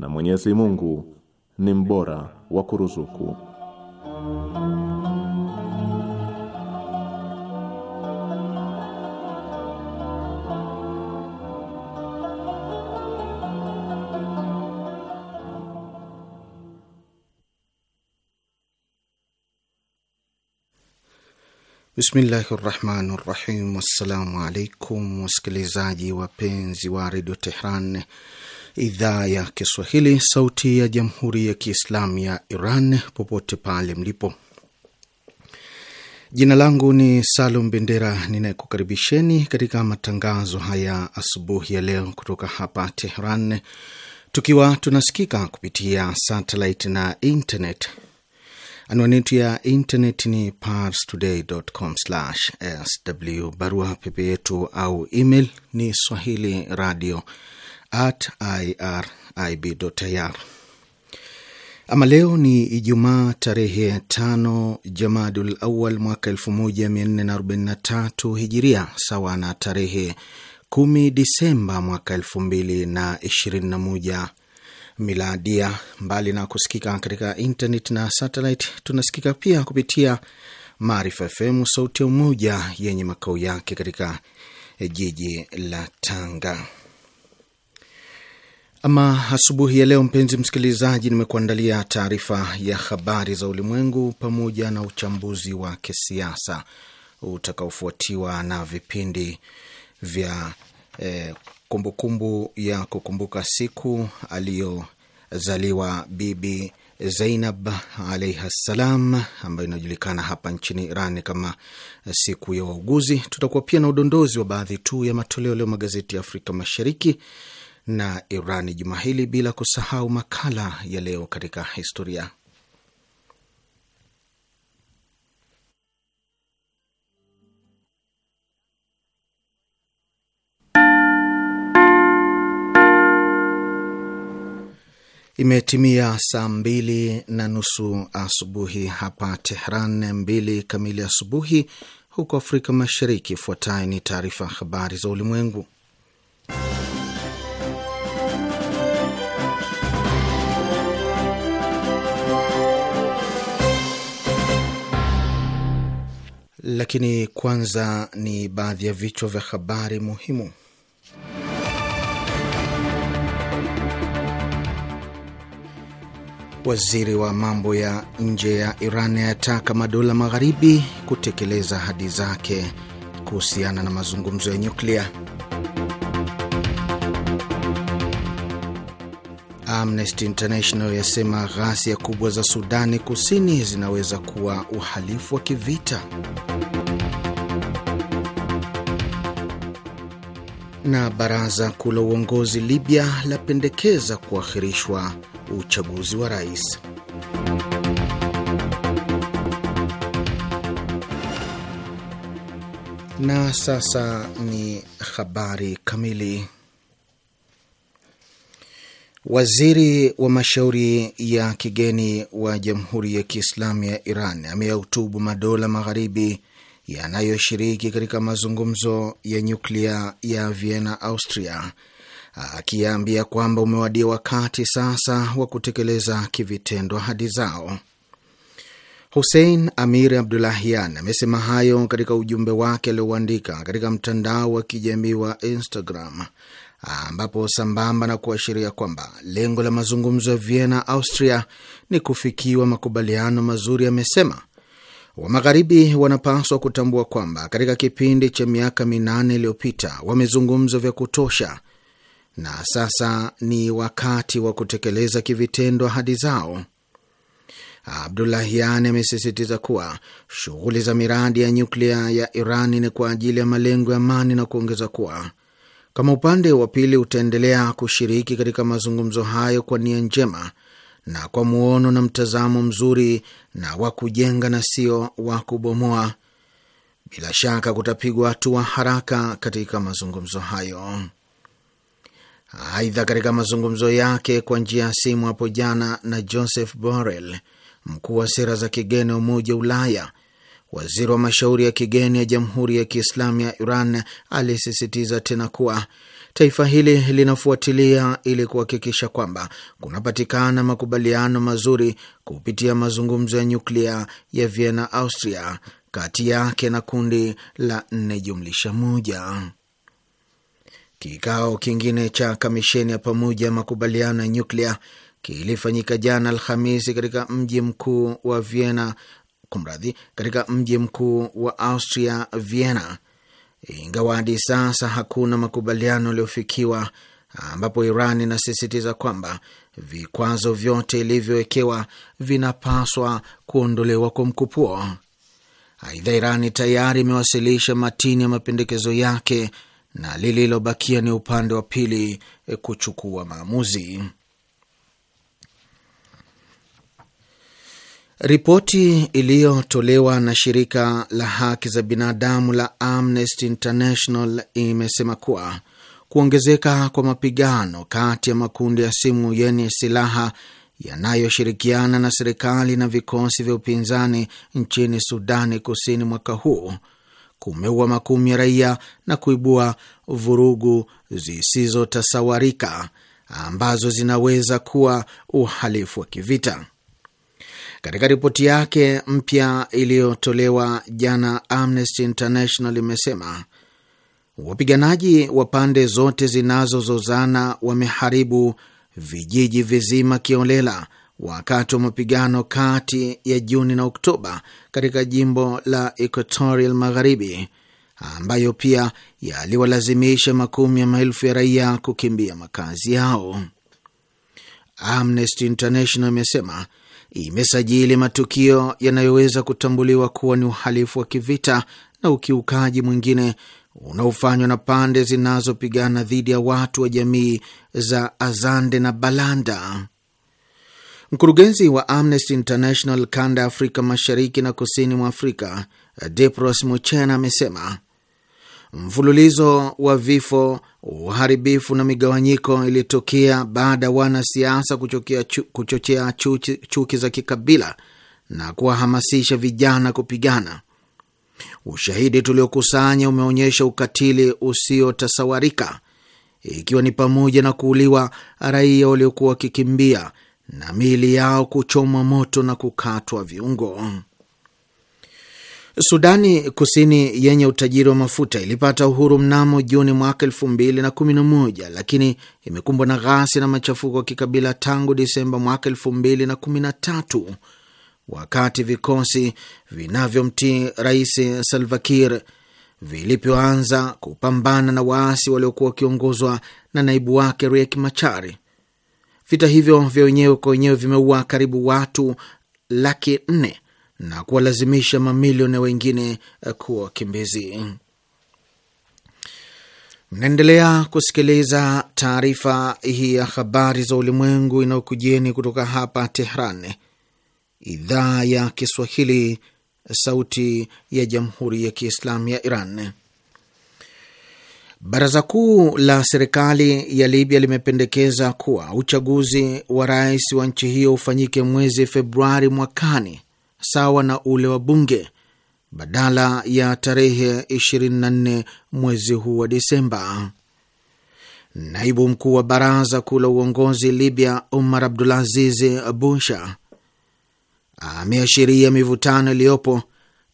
na Mwenyezi Mungu ni mbora wa kuruzuku. Bismillahi rahmani rahim. Wassalamu alaikum wasikilizaji wapenzi wa redio Tehran idhaa ya Kiswahili, sauti ya jamhuri ya kiislamu ya Iran, popote pale mlipo. Jina langu ni Salum Bendera, ninayekukaribisheni katika matangazo haya asubuhi ya leo kutoka hapa Tehran, tukiwa tunasikika kupitia satellite na internet. Anwani yetu ya internet ni parstoday.com/sw. Barua pepe yetu au email ni swahili radio at irib.ir. Ama leo ni Ijumaa tarehe tano Jamadul Awal mwaka 1443 Hijiria, sawa na tarehe 10 Disemba mwaka 2021 Miladia. Mbali na kusikika katika internet na satellite, tunasikika pia kupitia Maarifa FM Sauti ya Umoja yenye makao yake katika jiji la Tanga. Ama asubuhi ya leo, mpenzi msikilizaji, nimekuandalia taarifa ya habari za ulimwengu pamoja na uchambuzi wa kisiasa utakaofuatiwa na vipindi vya eh, kumbukumbu ya kukumbuka siku aliyozaliwa Bibi Zainab alaihi ssalam, ambayo inajulikana hapa nchini Iran kama siku ya wauguzi. Tutakuwa pia na udondozi wa baadhi tu ya matoleo leo magazeti ya Afrika Mashariki na Irani juma hili, bila kusahau makala ya leo katika historia. Imetimia saa mbili na nusu asubuhi hapa Tehran, mbili kamili asubuhi huko Afrika Mashariki. Ifuatayo ni taarifa habari za ulimwengu lakini kwanza ni baadhi ya vichwa vya habari muhimu. Waziri wa mambo ya nje ya Iran ayataka madola magharibi kutekeleza ahadi zake kuhusiana na mazungumzo ya nyuklia. Amnesty International yasema ghasia kubwa za Sudani Kusini zinaweza kuwa uhalifu wa kivita. Na baraza kuu la uongozi Libya lapendekeza kuahirishwa uchaguzi wa rais. Na sasa ni habari kamili. Waziri wa mashauri ya kigeni wa Jamhuri ya Kiislamu ya Iran ameyahutubu madola magharibi yanayoshiriki katika mazungumzo ya nyuklia ya Vienna, Austria, akiambia kwamba umewadia wakati sasa wa kutekeleza kivitendo ahadi zao. Hussein Amir Abdulahian amesema hayo katika ujumbe wake aliouandika katika mtandao wa kijamii wa Instagram, ambapo sambamba na kuashiria kwamba lengo la mazungumzo ya Vienna, Austria ni kufikiwa makubaliano mazuri, amesema wa Magharibi wanapaswa kutambua kwamba katika kipindi cha miaka minane iliyopita wamezungumza vya kutosha na sasa ni wakati wa kutekeleza kivitendo ahadi zao. Abdulahian amesisitiza kuwa shughuli za miradi ya nyuklia ya Iran ni kwa ajili ya malengo ya amani na kuongeza kuwa kama upande wa pili utaendelea kushiriki katika mazungumzo hayo kwa nia njema na kwa muono na mtazamo mzuri na wa kujenga na sio wa kubomoa. Bila shaka kutapigwa hatua haraka katika mazungumzo hayo. Aidha, katika mazungumzo yake kwa njia ya simu hapo jana na Joseph Borrell, mkuu wa sera za kigeni wa Umoja wa Ulaya, waziri wa mashauri ya kigeni ya Jamhuri ya Kiislamu ya Iran alisisitiza tena kuwa taifa hili linafuatilia ili kuhakikisha kwamba kunapatikana makubaliano mazuri kupitia mazungumzo ya nyuklia ya Vienna, Austria, kati yake na kundi la nne jumlisha moja. Kikao kingine cha kamisheni ya pamoja ya makubaliano ya nyuklia kilifanyika jana Alhamisi katika mji mkuu wa Vienna, kumradhi, katika mji mkuu wa Austria, Vienna ingawa hadi sasa hakuna makubaliano yaliyofikiwa, ambapo Iran inasisitiza kwamba vikwazo vyote ilivyowekewa vinapaswa kuondolewa kwa mkupuo. Aidha, Irani tayari imewasilisha matini ya mapendekezo yake na lililobakia ni upande wa pili kuchukua maamuzi. Ripoti iliyotolewa na shirika la haki za binadamu la Amnesty International imesema kuwa kuongezeka kwa mapigano kati ya makundi ya simu yenye silaha yanayoshirikiana na serikali na vikosi vya upinzani nchini Sudani Kusini mwaka huu kumeua makumi ya raia na kuibua vurugu zisizotasawarika ambazo zinaweza kuwa uhalifu wa kivita. Katika ripoti yake mpya iliyotolewa jana, Amnesty International imesema wapiganaji wa pande zote zinazozozana wameharibu vijiji vizima kiolela wakati wa mapigano kati ya Juni na Oktoba katika jimbo la Equatorial Magharibi ambayo pia yaliwalazimisha makumi ya maelfu ya raia kukimbia makazi yao. Amnesty International imesema imesajili matukio yanayoweza kutambuliwa kuwa ni uhalifu wa kivita na ukiukaji mwingine unaofanywa na pande zinazopigana dhidi ya watu wa jamii za Azande na Balanda. Mkurugenzi wa Amnesty International kanda ya Afrika Mashariki na Kusini mwa Afrika, Depros Muchena, amesema Mfululizo wa vifo, uharibifu na migawanyiko ilitokea baada ya wanasiasa chu, kuchochea chuki, chuki za kikabila na kuwahamasisha vijana kupigana. Ushahidi tuliokusanya umeonyesha ukatili usiotasawarika ikiwa ni pamoja na kuuliwa raia waliokuwa wakikimbia na miili yao kuchomwa moto na kukatwa viungo. Sudani Kusini yenye utajiri wa mafuta ilipata uhuru mnamo Juni mwaka elfu mbili na kumi na moja lakini imekumbwa na ghasi na machafuko ya kikabila tangu Disemba mwaka elfu mbili na kumi na tatu wakati vikosi vinavyomtii Rais Salvakir vilivyoanza kupambana na waasi waliokuwa wakiongozwa na naibu wake Riek Machari. Vita hivyo vya wenyewe kwa wenyewe vimeua karibu watu laki nne na kuwalazimisha mamilioni wengine kuwa wakimbizi. Mnaendelea kusikiliza taarifa hii ya habari za ulimwengu inayokujieni kutoka hapa Tehran, idhaa ya Kiswahili, sauti ya jamhuri ya kiislamu ya Iran. Baraza kuu la serikali ya Libya limependekeza kuwa uchaguzi wa rais wa nchi hiyo ufanyike mwezi Februari mwakani sawa na ule wa bunge badala ya tarehe 24 mwezi huu wa Disemba. Naibu mkuu wa baraza kuu la uongozi Libya, Umar Abdulaziz Busha, ameashiria mivutano iliyopo,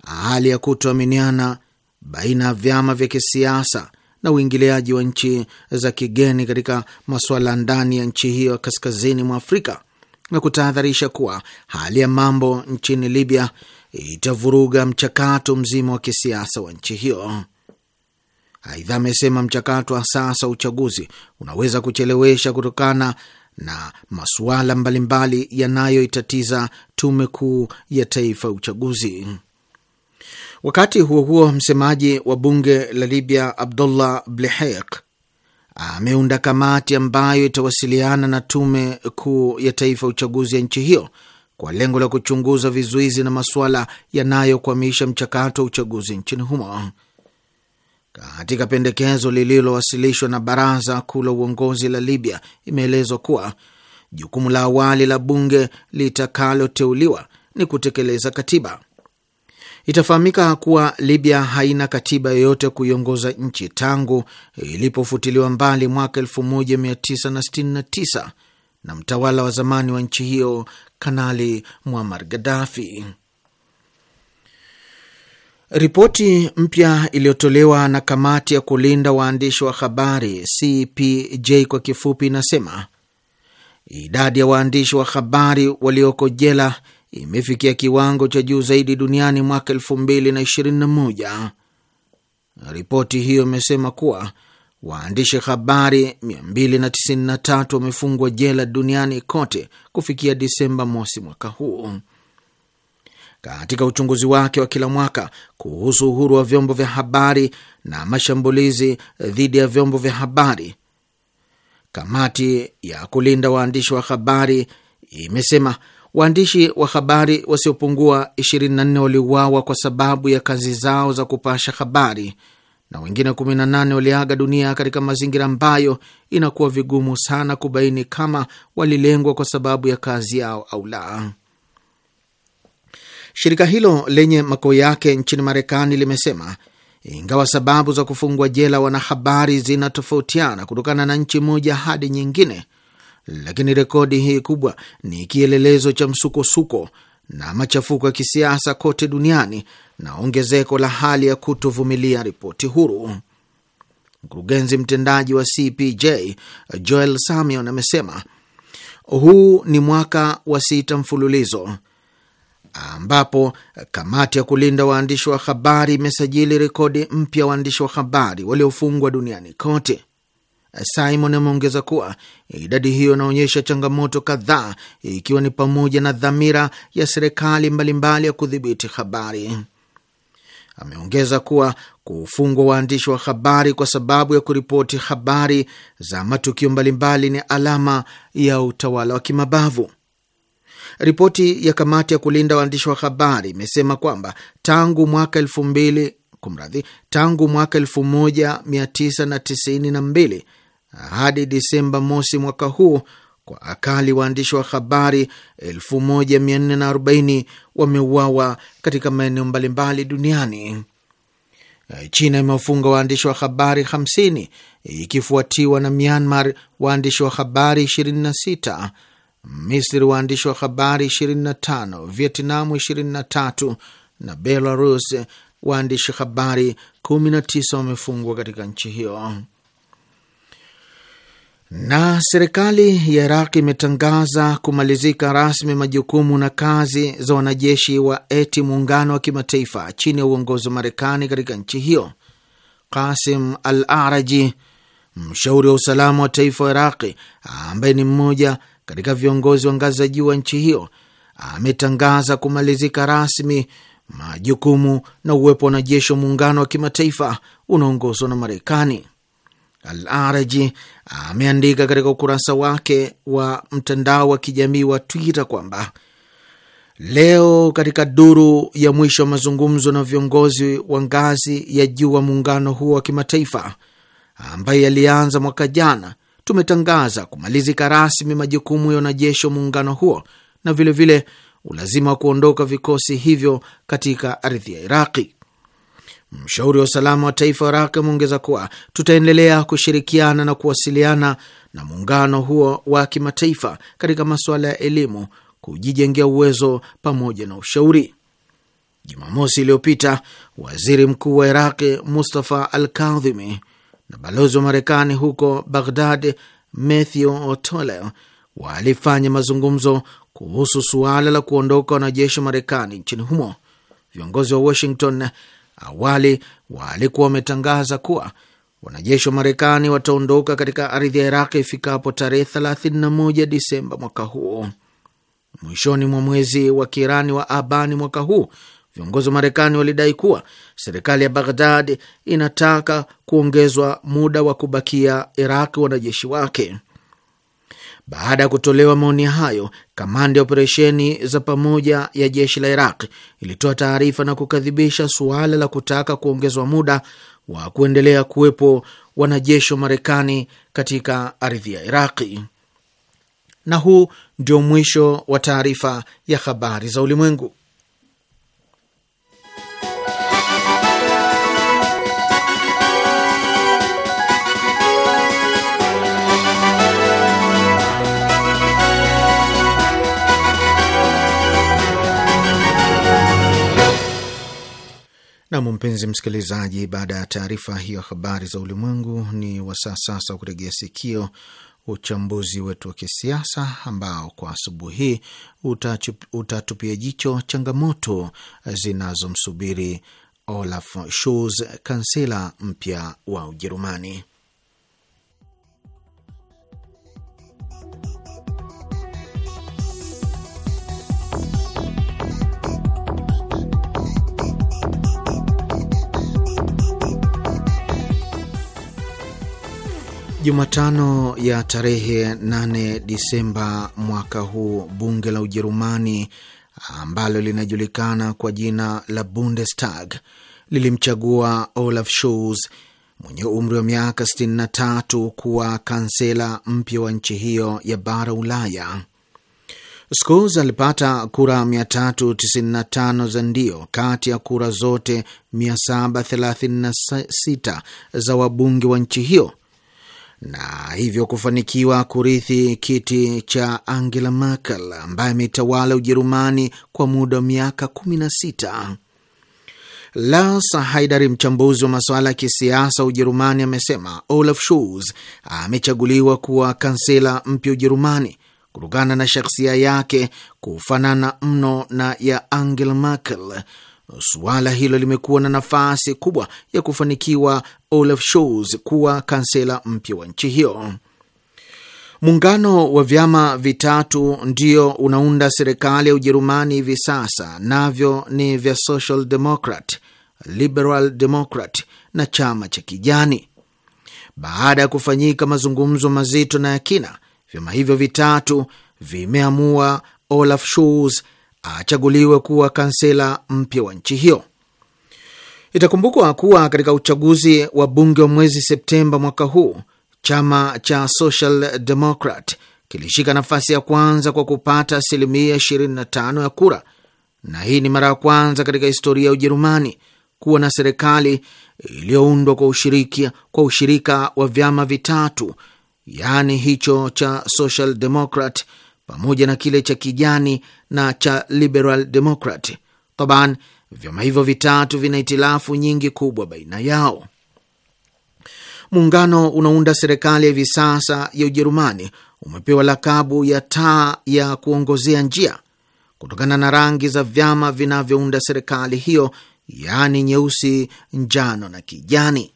hali ya kutoaminiana baina ya vyama vya kisiasa na uingiliaji wa nchi za kigeni katika masuala ndani ya nchi hiyo ya kaskazini mwa Afrika na kutahadharisha kuwa hali ya mambo nchini Libya itavuruga mchakato mzima wa kisiasa wa nchi hiyo. Aidha, amesema mchakato wa sasa uchaguzi unaweza kuchelewesha kutokana na masuala mbalimbali yanayoitatiza tume kuu ya taifa ya uchaguzi. Wakati huo huo, msemaji wa bunge la Libya Abdullah Blehek ameunda kamati ambayo itawasiliana na Tume Kuu ya Taifa ya Uchaguzi ya nchi hiyo kwa lengo la kuchunguza vizuizi na masuala yanayokwamisha mchakato wa uchaguzi nchini humo. Katika pendekezo lililowasilishwa na Baraza Kuu la Uongozi la Libya, imeelezwa kuwa jukumu la awali la bunge litakaloteuliwa ni kutekeleza katiba Itafahamika kuwa Libya haina katiba yoyote kuiongoza nchi tangu ilipofutiliwa mbali mwaka 1969 na, na mtawala wa zamani wa nchi hiyo Kanali Muammar Gaddafi. Ripoti mpya iliyotolewa na kamati ya kulinda waandishi wa habari CPJ kwa kifupi inasema idadi ya waandishi wa habari walioko jela imefikia kiwango cha juu zaidi duniani mwaka moja. Ripoti hiyo imesema kuwa waandishi habari 293 wamefungwa jela duniani kote kufikia Disemba mosi mwaka huu. Katika uchunguzi wake wa kila mwaka kuhusu uhuru wa vyombo vya habari na mashambulizi dhidi ya vyombo vya habari, kamati ya kulinda waandishi wa habari imesema Waandishi wa habari wasiopungua 24 waliuawa kwa sababu ya kazi zao za kupasha habari na wengine 18 waliaga dunia katika mazingira ambayo inakuwa vigumu sana kubaini kama walilengwa kwa sababu ya kazi yao au la. Shirika hilo lenye makao yake nchini Marekani limesema ingawa sababu za kufungwa jela wanahabari zinatofautiana kutokana na nchi moja hadi nyingine, lakini rekodi hii kubwa ni kielelezo cha msukosuko na machafuko ya kisiasa kote duniani na ongezeko la hali ya kutovumilia ripoti huru. Mkurugenzi mtendaji wa CPJ Joel Samion amesema huu ni mwaka wa sita mfululizo ambapo kamati ya kulinda waandishi wa habari imesajili rekodi mpya waandishi wa habari waliofungwa duniani kote. Simon ameongeza kuwa idadi hiyo inaonyesha changamoto kadhaa, ikiwa ni pamoja na dhamira ya serikali mbalimbali ya kudhibiti habari. Ameongeza kuwa kufungwa waandishi wa habari kwa sababu ya kuripoti habari za matukio mbalimbali ni alama ya utawala wa kimabavu. Ripoti ya kamati ya kulinda waandishi wa habari imesema kwamba tangu mwaka elfu mbili kumradhi, tangu mwaka elfu moja mia tisa na tisini na mbili hadi Disemba mosi mwaka huu kwa akali waandishi wa habari 1440 wameuawa katika maeneo mbalimbali duniani. China imewafunga waandishi wa habari 50 ikifuatiwa na Myanmar waandishi wa habari 26, Misri waandishi wa habari 25, Vietnamu 23 na Belarus waandishi habari 19 wamefungwa katika nchi hiyo. Na serikali ya Iraq imetangaza kumalizika rasmi majukumu na kazi za wanajeshi wa eti muungano wa kimataifa chini ya uongozi wa Marekani katika nchi hiyo. Qasim Al Araji, mshauri wa usalama wa taifa wa Iraqi ambaye ni mmoja katika viongozi wa ngazi za juu wa nchi hiyo, ametangaza kumalizika rasmi majukumu na uwepo wa wanajeshi wa muungano wa kimataifa unaongozwa na Marekani. Al Araji ameandika katika ukurasa wake wa mtandao wa kijamii wa Twitter kwamba leo katika duru ya mwisho wa mazungumzo na viongozi wa ngazi ya juu wa muungano huo wa kimataifa ambaye yalianza mwaka jana, tumetangaza kumalizika rasmi majukumu ya wanajeshi wa muungano huo na vilevile vile ulazima wa kuondoka vikosi hivyo katika ardhi ya Iraqi. Mshauri wa usalama wa taifa wa Iraq ameongeza kuwa tutaendelea kushirikiana na kuwasiliana na muungano huo wa kimataifa katika masuala ya elimu, kujijengea uwezo pamoja na ushauri. Jumamosi iliyopita waziri mkuu wa Iraqi Mustafa al Kadhimi na balozi wa Marekani huko Baghdad Matthew O'Toole walifanya mazungumzo kuhusu suala la kuondoka wanajeshi wa Marekani nchini humo. Viongozi wa Washington Awali walikuwa wametangaza kuwa wanajeshi wa Marekani wataondoka katika ardhi ya Iraq ifikapo tarehe 31 Disemba mwaka huu. Mwishoni mwa mwezi wa Kiirani wa Abani mwaka huu, viongozi wa Marekani walidai kuwa serikali ya Baghdad inataka kuongezwa muda wa kubakia Iraq wanajeshi wake. Baada ya kutolewa maoni hayo, kamanda ya operesheni za pamoja ya jeshi la Iraq ilitoa taarifa na kukadhibisha suala la kutaka kuongezwa muda wa kuendelea kuwepo wanajeshi wa Marekani katika ardhi ya Iraqi. Na huu ndio mwisho wa taarifa ya habari za ulimwengu. Nam, mpenzi msikilizaji, baada ya taarifa hiyo habari za ulimwengu, ni wasaa sasa wa kuregea sikio uchambuzi wetu wa kisiasa ambao kwa asubuhi hii utatupia jicho changamoto zinazomsubiri Olaf Scholz, kansela mpya wa Ujerumani. Jumatano ya tarehe 8 Disemba mwaka huu, bunge la Ujerumani ambalo linajulikana kwa jina la Bundestag lilimchagua Olaf Scholz mwenye umri wa miaka 63 kuwa kansela mpya wa nchi hiyo ya bara Ulaya. Scholz alipata kura 395 za ndio kati ya kura zote 736 za wabunge wa nchi hiyo na hivyo kufanikiwa kurithi kiti cha Angela Merkel ambaye ametawala Ujerumani kwa muda wa miaka 16. Lars Haidari, mchambuzi wa masuala ya kisiasa Ujerumani, amesema Olaf Scholz amechaguliwa kuwa kansela mpya Ujerumani kutokana na shakhsia yake kufanana mno na ya Angela Merkel Suala hilo limekuwa na nafasi kubwa ya kufanikiwa Olaf Scholz kuwa kansela mpya wa nchi hiyo. Muungano wa vyama vitatu ndio unaunda serikali ya Ujerumani hivi sasa, navyo ni vya Social Democrat, Liberal Democrat na chama cha Kijani. Baada ya kufanyika mazungumzo mazito na ya kina, vyama hivyo vitatu vimeamua Olaf Scholz achaguliwe kuwa kansela mpya wa nchi hiyo. Itakumbukwa kuwa katika uchaguzi wa bunge wa mwezi Septemba mwaka huu chama cha Social Democrat kilishika nafasi ya kwanza kwa kupata asilimia 25 ya kura, na hii ni mara ya kwanza katika historia ya Ujerumani kuwa na serikali iliyoundwa kwa ushiriki, kwa ushirika wa vyama vitatu, yaani hicho cha Social Democrat, pamoja na kile cha kijani na cha Liberal Democrat. Taban, vyama hivyo vitatu vina itilafu nyingi kubwa baina yao. Muungano unaunda serikali ya hivi sasa ya Ujerumani umepewa lakabu ya taa ya kuongozea njia kutokana na rangi za vyama vinavyounda serikali hiyo, yaani nyeusi, njano na kijani.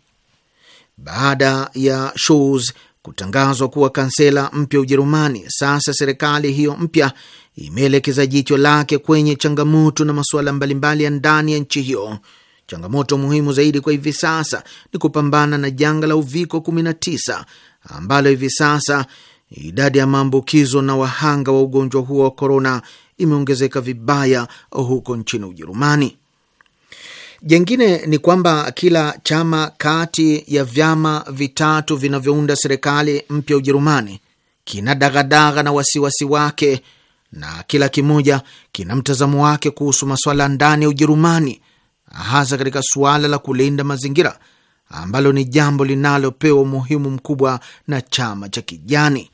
Baada ya Scholz kutangazwa kuwa kansela mpya Ujerumani, sasa serikali hiyo mpya imeelekeza jicho lake kwenye changamoto na masuala mbalimbali ya ndani ya nchi hiyo. Changamoto muhimu zaidi kwa hivi sasa ni kupambana na janga la Uviko 19 ambalo hivi sasa idadi ya maambukizo na wahanga wa ugonjwa huo wa korona imeongezeka vibaya huko nchini Ujerumani. Jengine ni kwamba kila chama kati ya vyama vitatu vinavyounda serikali mpya Ujerumani kina daghadagha na wasiwasi wake na kila kimoja kina mtazamo wake kuhusu masuala ndani ya Ujerumani, hasa katika suala la kulinda mazingira ambalo ni jambo linalopewa umuhimu mkubwa na chama cha Kijani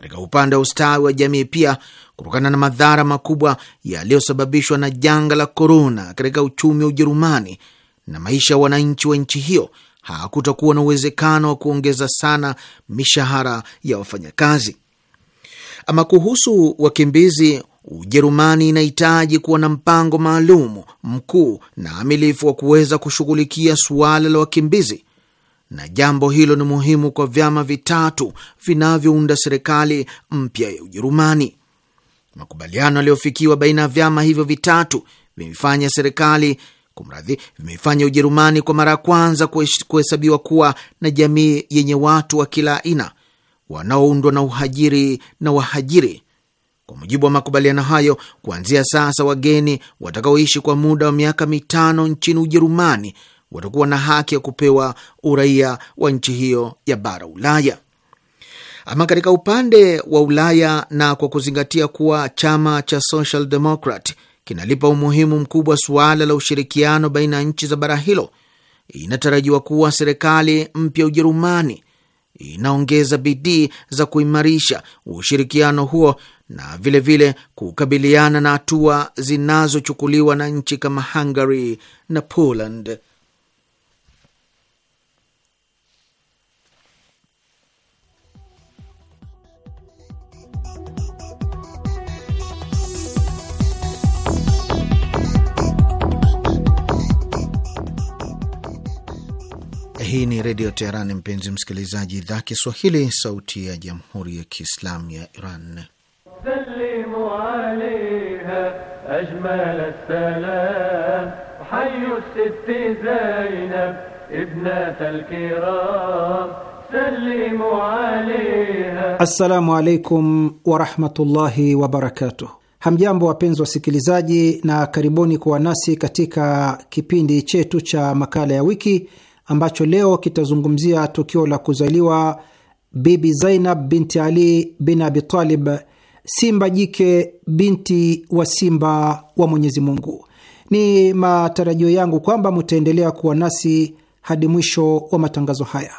katika upande wa ustawi wa jamii pia kutokana na madhara makubwa yaliyosababishwa na janga la korona katika uchumi wa Ujerumani na maisha ya wananchi wa nchi hiyo, hakutakuwa na uwezekano wa kuongeza sana mishahara ya wafanyakazi. Ama kuhusu wakimbizi, Ujerumani inahitaji kuwa na mpango maalum mkuu na amilifu wa kuweza kushughulikia suala la wakimbizi na jambo hilo ni muhimu kwa vyama vitatu vinavyounda serikali mpya ya Ujerumani. Makubaliano yaliyofikiwa baina ya vyama hivyo vitatu vimefanya serikali kumradhi, vimefanya Ujerumani kwa mara ya kwanza kuhesabiwa kuwa na jamii yenye watu wa kila aina wanaoundwa na uhajiri na wahajiri. Kwa mujibu wa makubaliano hayo, kuanzia sasa wageni watakaoishi kwa muda wa miaka mitano nchini Ujerumani watakuwa na haki ya kupewa uraia wa nchi hiyo ya bara Ulaya. Ama katika upande wa Ulaya, na kwa kuzingatia kuwa chama cha Social Democrat kinalipa umuhimu mkubwa suala la ushirikiano baina ya nchi za bara hilo, inatarajiwa kuwa serikali mpya Ujerumani inaongeza bidii za kuimarisha ushirikiano huo na vilevile vile kukabiliana na hatua zinazochukuliwa na nchi kama Hungary na Poland. Hii ni Redio Teheran, mpenzi msikilizaji, idhaa Kiswahili, sauti ya jamhuri ya kiislamu ya Iran. Assalamu alaikum warahmatullahi wabarakatuh. Hamjambo, wapenzi wasikilizaji, na karibuni kuwa nasi katika kipindi chetu cha makala ya wiki ambacho leo kitazungumzia tukio la kuzaliwa Bibi Zainab binti Ali bin Abi Talib, simba jike, binti wa simba wa Mwenyezi Mungu. Ni matarajio yangu kwamba mutaendelea kuwa nasi hadi mwisho wa matangazo haya.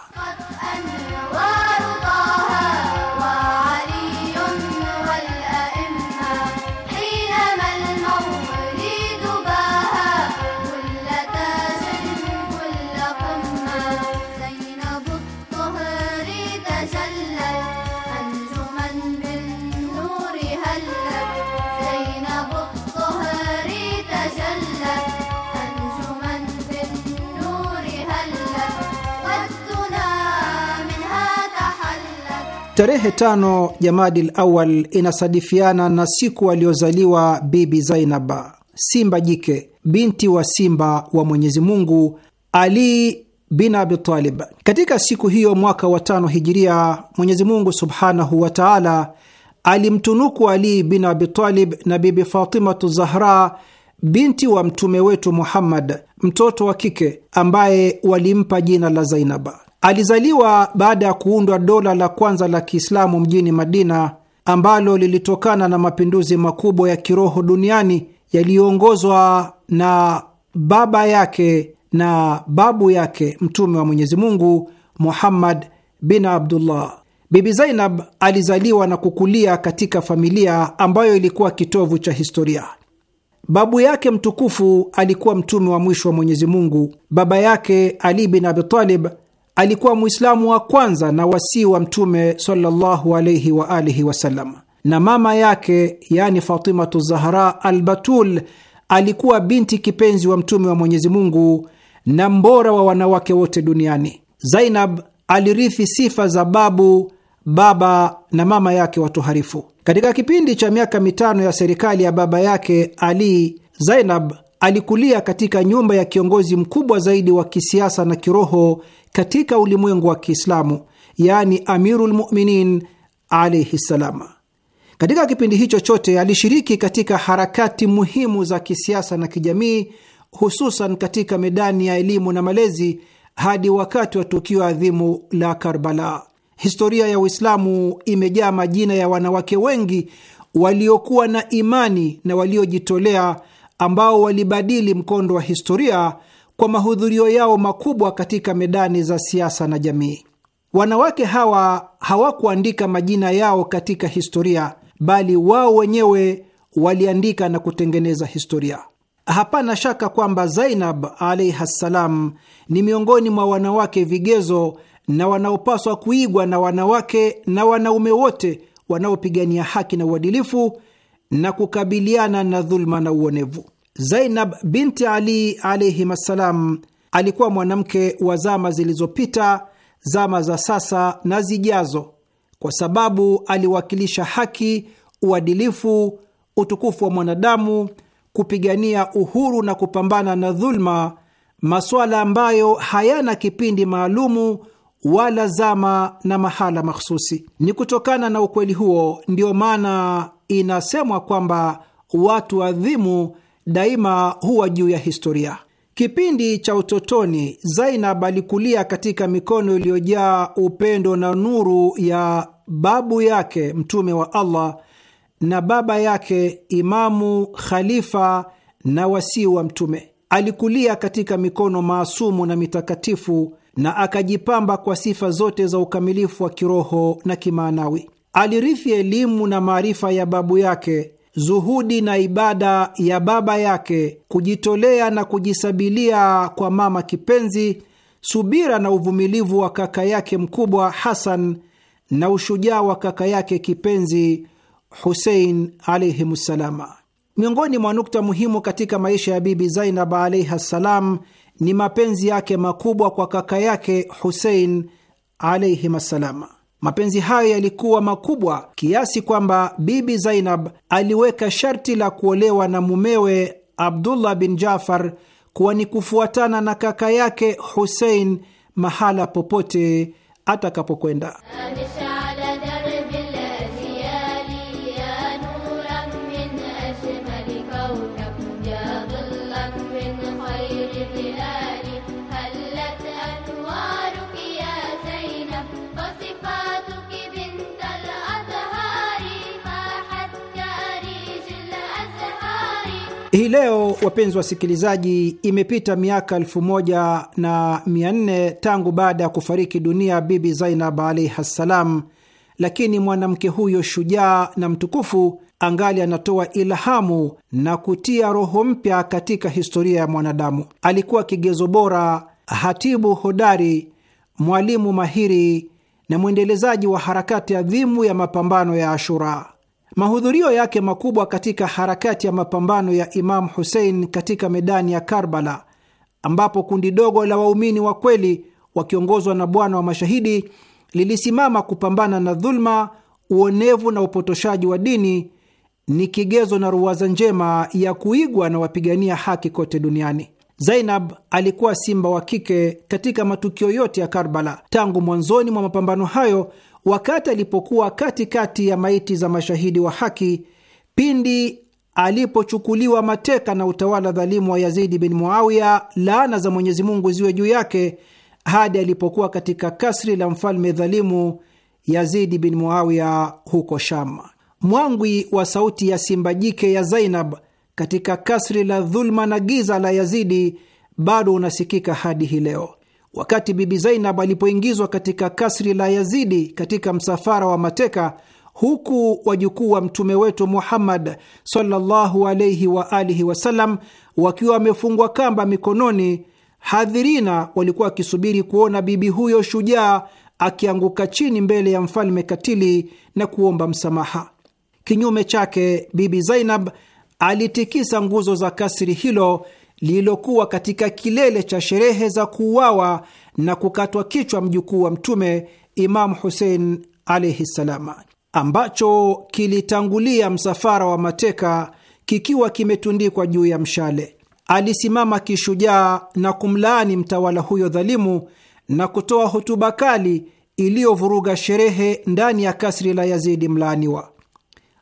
Tarehe tano Jamadil Awal inasadifiana na siku aliyozaliwa Bibi Zainab, simba jike, binti wa simba wa Mwenyezi Mungu, Ali bin Abi Talib. Katika siku hiyo mwaka wa tano hijiria, Mwenyezi Mungu subhanahu wa taala alimtunuku Ali bin Abi Talib na Bibi Fatimatu Zahra binti wa mtume wetu Muhammad mtoto wa kike ambaye walimpa jina la Zainaba. Alizaliwa baada ya kuundwa dola la kwanza la Kiislamu mjini Madina ambalo lilitokana na mapinduzi makubwa ya kiroho duniani yaliyoongozwa na baba yake na babu yake Mtume wa Mwenyezi Mungu Muhammad bin Abdullah. Bibi Zainab alizaliwa na kukulia katika familia ambayo ilikuwa kitovu cha historia. Babu yake mtukufu alikuwa mtume wa mwisho wa Mwenyezi Mungu. Baba yake Ali bin Abi Talib alikuwa Mwislamu wa kwanza na wasii wa Mtume sallallahu alaihi wa alihi wasallam, na mama yake yani Fatimatu Zahra Albatul alikuwa binti kipenzi wa Mtume wa Mwenyezi Mungu na mbora wa wanawake wote duniani. Zainab alirithi sifa za babu baba na mama yake watoharifu. Katika kipindi cha miaka mitano ya serikali ya baba yake Ali, Zainab Alikulia katika nyumba ya kiongozi mkubwa zaidi wa kisiasa na kiroho katika ulimwengu wa Kiislamu, yaani amirulmuminin alaihi ssalam. Katika kipindi hicho chote alishiriki katika harakati muhimu za kisiasa na kijamii, hususan katika medani ya elimu na malezi hadi wakati wa tukio adhimu la Karbala. Historia ya Uislamu imejaa majina ya wanawake wengi waliokuwa na imani na waliojitolea ambao walibadili mkondo wa historia kwa mahudhurio yao makubwa katika medani za siasa na jamii. Wanawake hawa hawakuandika majina yao katika historia, bali wao wenyewe waliandika na kutengeneza historia. Hapana shaka kwamba Zainab alaihi ssalam ni miongoni mwa wanawake vigezo na wanaopaswa kuigwa na wanawake na wanaume wote wanaopigania haki na uadilifu na kukabiliana na dhulma na uonevu. Zainab binti Ali alaihim assalam alikuwa mwanamke wa zama zilizopita, zama za sasa na zijazo, kwa sababu aliwakilisha haki, uadilifu, utukufu wa mwanadamu, kupigania uhuru na kupambana na dhuluma, masuala ambayo hayana kipindi maalumu wala zama na mahala makhususi Ni kutokana na ukweli huo, ndiyo maana inasemwa kwamba watu adhimu daima huwa juu ya historia. Kipindi cha utotoni, Zainab alikulia katika mikono iliyojaa upendo na nuru ya babu yake Mtume wa Allah na baba yake Imamu, khalifa na wasii wa Mtume. Alikulia katika mikono maasumu na mitakatifu na akajipamba kwa sifa zote za ukamilifu wa kiroho na kimaanawi. Alirithi elimu na maarifa ya babu yake, zuhudi na ibada ya baba yake, kujitolea na kujisabilia kwa mama kipenzi, subira na uvumilivu wa kaka yake mkubwa Hasan na ushujaa wa kaka yake kipenzi Husein alaihimussalama. Miongoni mwa nukta muhimu katika maisha ya Bibi Zainab alaihi ssalam ni mapenzi yake makubwa kwa kaka yake Husein alaihim assalama. Mapenzi hayo yalikuwa makubwa kiasi kwamba Bibi Zainab aliweka sharti la kuolewa na mumewe Abdullah bin Jafar kuwa ni kufuatana na kaka yake Husein mahala popote atakapokwenda. Hii leo wapenzi wasikilizaji, imepita miaka elfu moja na mia nne tangu baada ya kufariki dunia Bibi Zainab alaihi ssalam, lakini mwanamke huyo shujaa na mtukufu angali anatoa ilhamu na kutia roho mpya katika historia ya mwanadamu. Alikuwa kigezo bora, hatibu hodari, mwalimu mahiri na mwendelezaji wa harakati adhimu ya mapambano ya Ashura. Mahudhurio yake makubwa katika harakati ya mapambano ya Imamu Husein katika medani ya Karbala, ambapo kundi dogo la waumini wa kweli wakiongozwa na Bwana wa Mashahidi lilisimama kupambana na dhuluma, uonevu na upotoshaji wa dini, ni kigezo na ruwaza njema ya kuigwa na wapigania haki kote duniani. Zainab alikuwa simba wa kike katika matukio yote ya Karbala tangu mwanzoni mwa mapambano hayo, wakati alipokuwa katikati ya maiti za mashahidi wa haki, pindi alipochukuliwa mateka na utawala dhalimu wa Yazidi bin Muawiya, laana za Mwenyezi Mungu ziwe juu yake, hadi alipokuwa katika kasri la mfalme dhalimu Yazidi bin Muawiya huko Sham. Mwangwi wa sauti ya simba jike ya Zainab katika kasri la dhulma na giza la Yazidi bado unasikika hadi hii leo. Wakati Bibi Zainab alipoingizwa katika kasri la Yazidi katika msafara wa mateka, huku wajukuu wa mtume wetu Muhammad sallallahu alaihi wa alihi wasallam wakiwa wamefungwa kamba mikononi, hadhirina walikuwa wakisubiri kuona bibi huyo shujaa akianguka chini mbele ya mfalme katili na kuomba msamaha. Kinyume chake, Bibi Zainab alitikisa nguzo za kasri hilo lililokuwa katika kilele cha sherehe za kuuawa na kukatwa kichwa mjukuu wa Mtume Imamu Husein alaihi ssalam, ambacho kilitangulia msafara wa mateka kikiwa kimetundikwa juu ya mshale. Alisimama kishujaa na kumlaani mtawala huyo dhalimu na kutoa hotuba kali iliyovuruga sherehe ndani ya kasri la Yazidi mlaaniwa.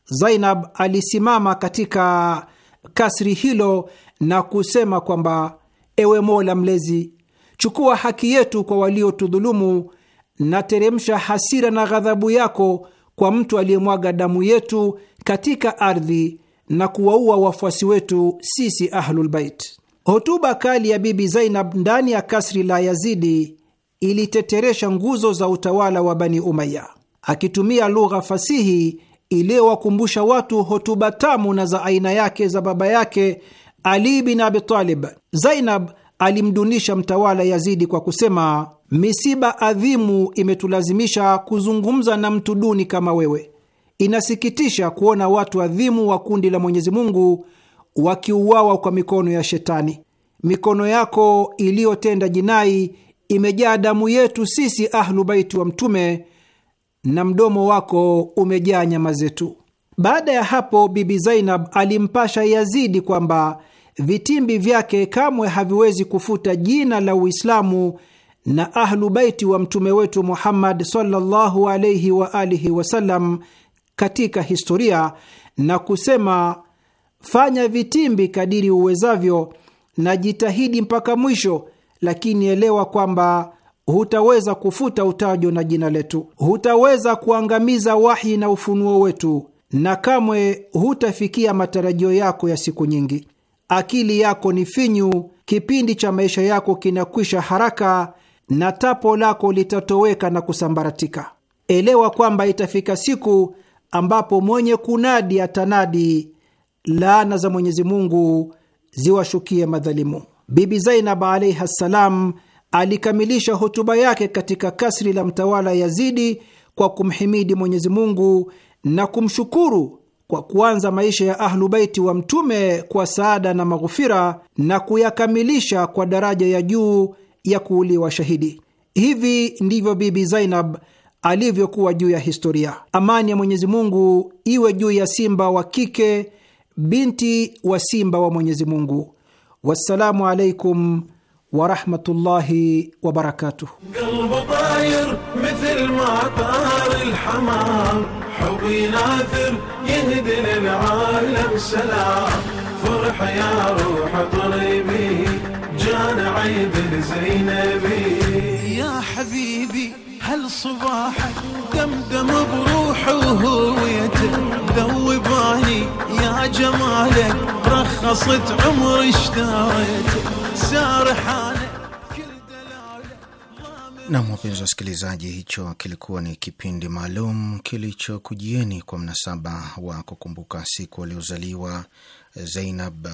Zainab alisimama katika kasri hilo na kusema kwamba ewe Mola Mlezi, chukua haki yetu kwa waliotudhulumu, na teremsha hasira na ghadhabu yako kwa mtu aliyemwaga damu yetu katika ardhi na kuwaua wafuasi wetu sisi Ahlulbait. Hotuba kali ya Bibi Zainab ndani ya kasri la Yazidi iliteteresha nguzo za utawala wa Bani Umaya. Akitumia lugha fasihi, iliyowakumbusha watu hotuba tamu na za aina yake za baba yake Ali bin Abi Talib. Zainab alimdunisha mtawala Yazidi kwa kusema, misiba adhimu imetulazimisha kuzungumza na mtu duni kama wewe. Inasikitisha kuona watu adhimu wa kundi la Mwenyezi Mungu wakiuawa kwa mikono ya Shetani. Mikono yako iliyotenda jinai imejaa damu yetu sisi Ahlu Baiti wa Mtume na mdomo wako umejaa nyama zetu. Baada ya hapo, Bibi Zainab alimpasha Yazidi kwamba vitimbi vyake kamwe haviwezi kufuta jina la Uislamu na Ahlu Baiti wa mtume wetu Muhammad sallallahu wa alihi wasallam katika historia na kusema, fanya vitimbi kadiri uwezavyo na jitahidi mpaka mwisho, lakini elewa kwamba hutaweza kufuta utajo na jina letu, hutaweza kuangamiza wahi na ufunuo wetu, na kamwe hutafikia matarajio yako ya siku nyingi. Akili yako ni finyu, kipindi cha maisha yako kinakwisha haraka, na tapo lako litatoweka na kusambaratika. Elewa kwamba itafika siku ambapo mwenye kunadi atanadi, laana za Mwenyezi Mungu ziwashukie madhalimu. Bibi Zainab alaihi ssalam alikamilisha hotuba yake katika kasri la mtawala Yazidi kwa kumhimidi Mwenyezi Mungu na kumshukuru kwa kuanza maisha ya Ahlu Baiti wa Mtume kwa saada na maghufira na kuyakamilisha kwa daraja ya juu ya kuuliwa shahidi. Hivi ndivyo Bibi Zainab alivyokuwa juu ya historia. Amani ya Mwenyezi Mungu iwe juu ya simba wa kike, binti wa simba wa Mwenyezi Mungu. Wassalamu alaikum ورحمة الله وبركاته قلب طاير مثل ما طار الحمام حبي ناثر يهدي للعالم سلام فرح يا روح طريبي جان عيد زينبي يا حبيبي هل صباحك دمدم بروح وهويته ذوباني يا جمالك رخصت عمري اشتريته سارحان Nam, wapenzi wasikilizaji, hicho kilikuwa ni kipindi maalum kilichokujieni kwa mnasaba wa kukumbuka siku aliozaliwa Zainab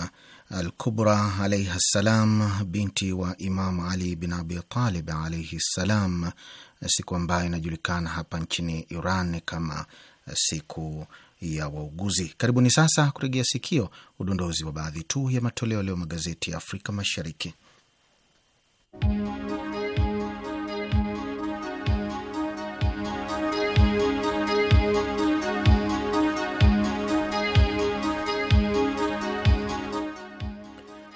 Alkubra alaihi ssalam, binti wa Imam Ali bin Abi Talib alaihi ssalam, siku ambayo inajulikana hapa nchini Iran kama siku ya wauguzi. Karibuni sasa kuregea sikio udondozi wa baadhi tu ya matoleo leo magazeti ya Afrika Mashariki.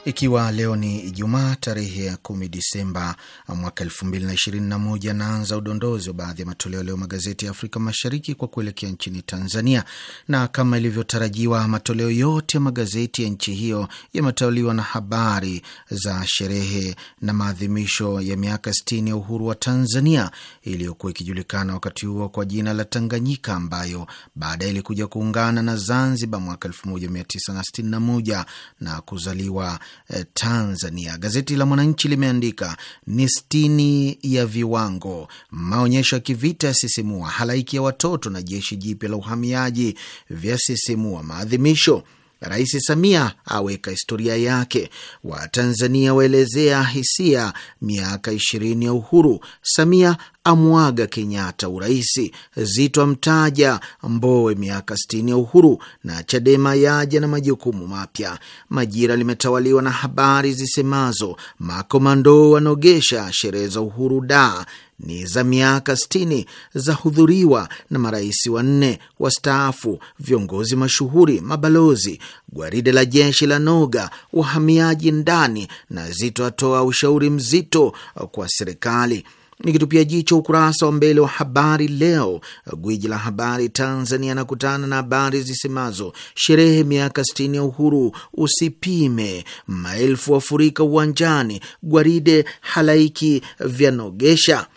Ikiwa leo ni Ijumaa tarehe ya kumi Disemba mwaka elfu mbili na ishirini na moja, naanza udondozi wa baadhi ya matoleo leo magazeti ya Afrika Mashariki kwa kuelekea nchini Tanzania, na kama ilivyotarajiwa matoleo yote ya magazeti ya nchi hiyo yametawaliwa na habari za sherehe na maadhimisho ya miaka sitini ya uhuru wa Tanzania iliyokuwa ikijulikana wakati huo kwa jina la Tanganyika, ambayo baadaye ilikuja kuungana na Zanzibar mwaka elfu moja mia tisa na sitini na moja na kuzaliwa Eh, Tanzania. Gazeti la Mwananchi limeandika ni sitini ya viwango, maonyesho ya kivita yasisimua, halaiki ya watoto na jeshi jipya la uhamiaji vyasisimua maadhimisho Rais Samia aweka historia yake. Watanzania waelezea hisia miaka ishirini ya uhuru. Samia amwaga Kenyatta uraisi, Zito amtaja Mbowe miaka sitini ya uhuru, na Chadema yaja na majukumu mapya. Majira limetawaliwa na habari zisemazo makomando wanogesha sherehe za uhuru da ni za miaka sitini za hudhuriwa na marais wanne wastaafu, viongozi mashuhuri, mabalozi, gwaride la jeshi la noga, wahamiaji ndani, na Zito atoa ushauri mzito kwa serikali Nikitupia jicho ukurasa wa mbele wa habari leo, gwiji la habari Tanzania anakutana na habari zisemazo: sherehe miaka sitini ya uhuru usipime, maelfu wafurika uwanjani, gwaride halaiki vyanogesha,